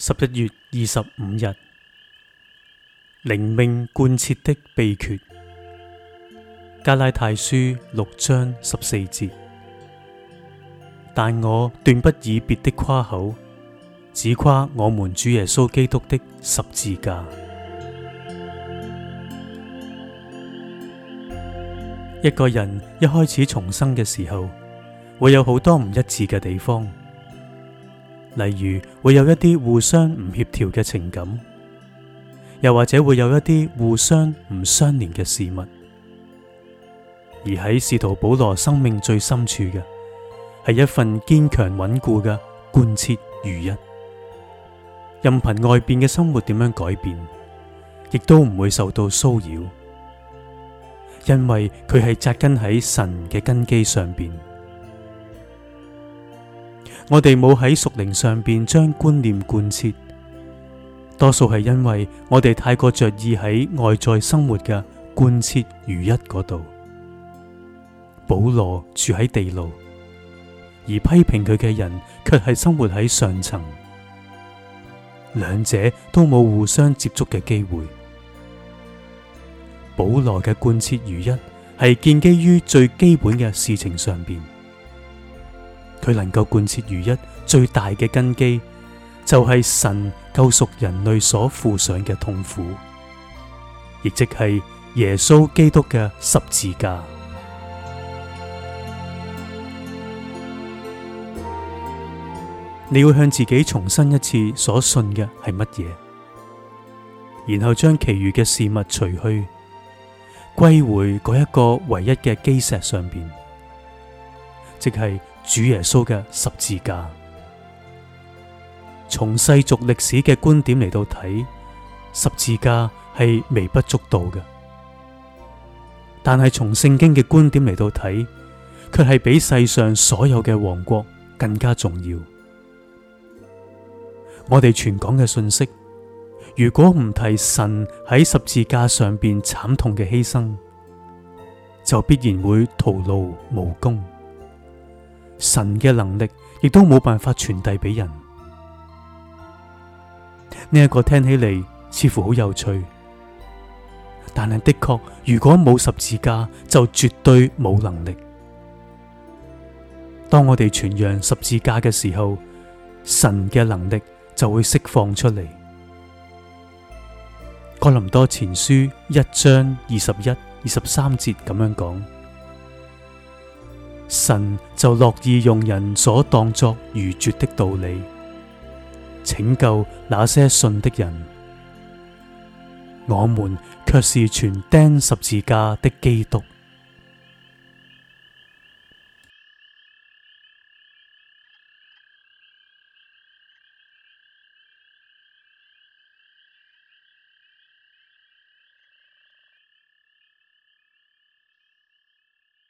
十一月二十五日，靈命貫徹的秘訣，加拉太書六章十四節。但我斷不以別的誇口，只誇我們主耶穌基督的十字架。一個人一開始重生嘅時候，會有好多唔一致嘅地方。例如會有一啲互相唔協調嘅情感，又或者會有一啲互相唔相連嘅事物，而喺使徒保羅生命最深處嘅，係一份堅強穩固嘅貫徹如一，任憑外邊嘅生活點樣改變，亦都唔會受到騷擾，因為佢係扎根喺神嘅根基上邊。我哋冇喺屬靈上邊將觀念貫徹，多數係因為我哋太過着意喺外在生活嘅貫徹如一嗰度。保羅住喺地牢，而批評佢嘅人卻係生活喺上層，兩者都冇互相接觸嘅機會。保羅嘅貫徹如一係建基於最基本嘅事情上邊。佢能夠貫徹如一最大嘅根基，就係神救贖人類所負上嘅痛苦，亦即係耶穌基督嘅十字架。你會向自己重申一次所信嘅係乜嘢，然後將其餘嘅事物除去，歸回嗰一個唯一嘅基石上邊。即係主耶穌嘅十字架。從世俗歷史嘅觀點嚟到睇，十字架係微不足道嘅；但係從聖經嘅觀點嚟到睇，卻係比世上所有嘅王國更加重要。我哋傳講嘅信息，如果唔提神喺十字架上面慘痛嘅犧牲，就必然會徒勞無功。神嘅能力亦都冇辦法傳遞俾人。呢一個聽起嚟似乎好有趣，但係的確，如果冇十字架，就絕對冇能力。當我哋傳揚十字架嘅時候，神嘅能力就會釋放出嚟。哥林多前書一章二十一、二十三節咁樣講。神就樂意用人所當作愚拙的道理，拯救那些信的人，我們卻是全釘十字架的基督。